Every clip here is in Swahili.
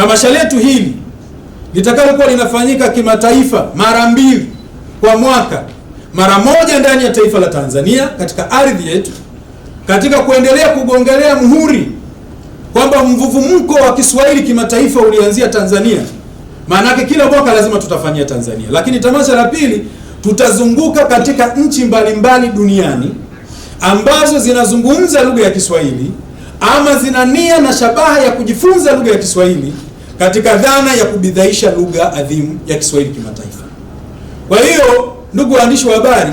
Tamasha letu hili litakalokuwa linafanyika kimataifa mara mbili kwa mwaka, mara moja ndani ya taifa la Tanzania katika ardhi yetu, katika kuendelea kugongelea muhuri kwamba mvuvumko wa Kiswahili kimataifa ulianzia Tanzania. Maanake kila mwaka lazima tutafanyia Tanzania, lakini tamasha la pili tutazunguka katika nchi mbalimbali duniani ambazo zinazungumza lugha ya Kiswahili ama zina nia na shabaha ya kujifunza lugha ya Kiswahili katika dhana ya kubidhaisha lugha adhimu ya Kiswahili kimataifa. Kwa hiyo, ndugu waandishi wa habari,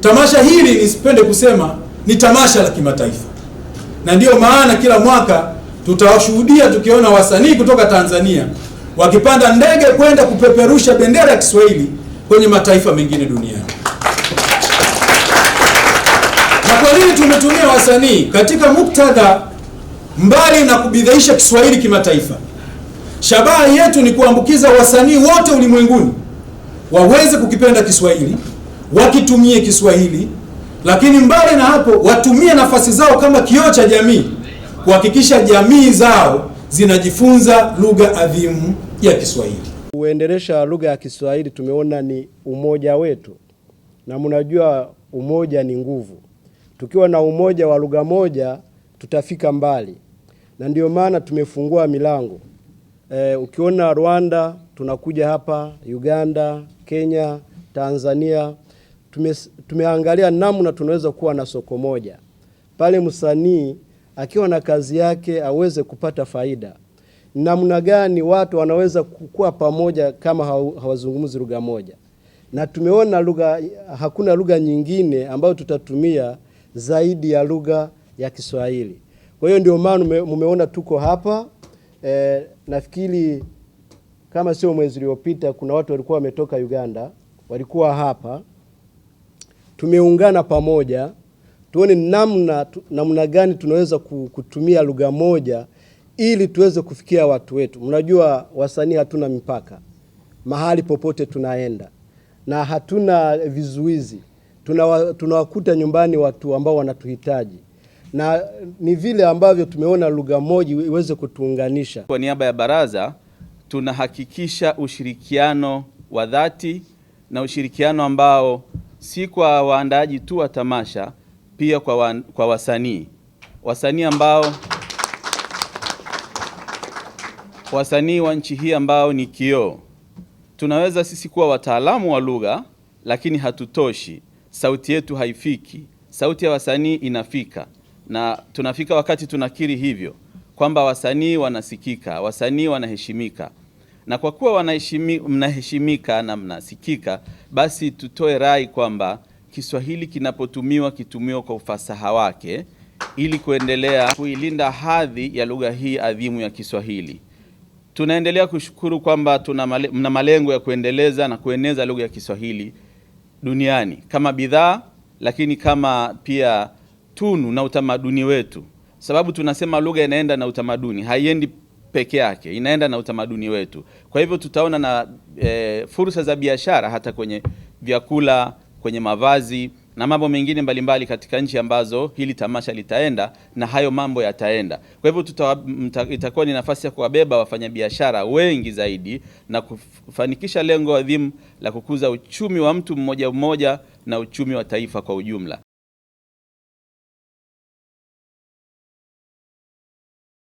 tamasha hili nisipende kusema ni tamasha la kimataifa, na ndiyo maana kila mwaka tutawashuhudia tukiona wasanii kutoka Tanzania wakipanda ndege kwenda kupeperusha bendera ya Kiswahili kwenye mataifa mengine duniani. Na kwa nini tumetumia wasanii katika muktadha mbali na kubidhaisha Kiswahili kimataifa? Shabaha yetu ni kuambukiza wasanii wote ulimwenguni waweze kukipenda Kiswahili, wakitumie Kiswahili, lakini mbali na hapo, watumie nafasi zao kama kioo cha jamii kuhakikisha jamii zao zinajifunza lugha adhimu ya Kiswahili. Kuendelesha lugha ya Kiswahili tumeona ni umoja wetu, na mnajua umoja ni nguvu. Tukiwa na umoja wa lugha moja tutafika mbali, na ndio maana tumefungua milango eh, ukiona Rwanda tunakuja hapa, Uganda, Kenya, Tanzania tume, tumeangalia namna tunaweza kuwa na soko moja pale msanii akiwa na kazi yake aweze kupata faida. Namna gani watu wanaweza kukua pamoja kama hawazungumzi lugha moja? Na tumeona lugha, hakuna lugha nyingine ambayo tutatumia zaidi ya lugha ya Kiswahili. Kwa hiyo ndio maana mumeona tuko hapa e, nafikiri kama sio mwezi uliopita, kuna watu walikuwa wametoka Uganda, walikuwa hapa, tumeungana pamoja tuone namna namna gani tunaweza kutumia lugha moja ili tuweze kufikia watu wetu. Mnajua wasanii hatuna mipaka, mahali popote tunaenda na hatuna vizuizi. Tunawakuta nyumbani watu ambao wanatuhitaji na ni vile ambavyo tumeona lugha moja iweze kutuunganisha. Kwa niaba ya baraza tunahakikisha ushirikiano wa dhati na ushirikiano ambao si kwa waandaaji tu wa tamasha, pia kwa, wa, kwa wasanii wasanii ambao wasanii wa nchi hii ambao ni kioo. Tunaweza sisi kuwa wataalamu wa lugha, lakini hatutoshi. Sauti yetu haifiki, sauti ya wasanii inafika na tunafika wakati tunakiri hivyo kwamba wasanii wanasikika, wasanii wanaheshimika, na kwa kuwa mnaheshimika na mnasikika, basi tutoe rai kwamba Kiswahili kinapotumiwa kitumiwa kwa ufasaha wake ili kuendelea kuilinda hadhi ya lugha hii adhimu ya Kiswahili. Tunaendelea kushukuru kwamba tuna male, mna malengo ya kuendeleza na kueneza lugha ya Kiswahili duniani kama bidhaa, lakini kama pia tunu na utamaduni wetu, sababu tunasema lugha inaenda na utamaduni, haiendi peke yake, inaenda na utamaduni wetu. Kwa hivyo tutaona na e, fursa za biashara hata kwenye vyakula, kwenye mavazi na mambo mengine mbalimbali katika nchi ambazo hili tamasha litaenda na hayo mambo yataenda. Kwa hivyo itakuwa ni nafasi ya kuwabeba wafanyabiashara wengi zaidi na kufanikisha lengo adhimu la kukuza uchumi wa mtu mmoja mmoja na uchumi wa taifa kwa ujumla.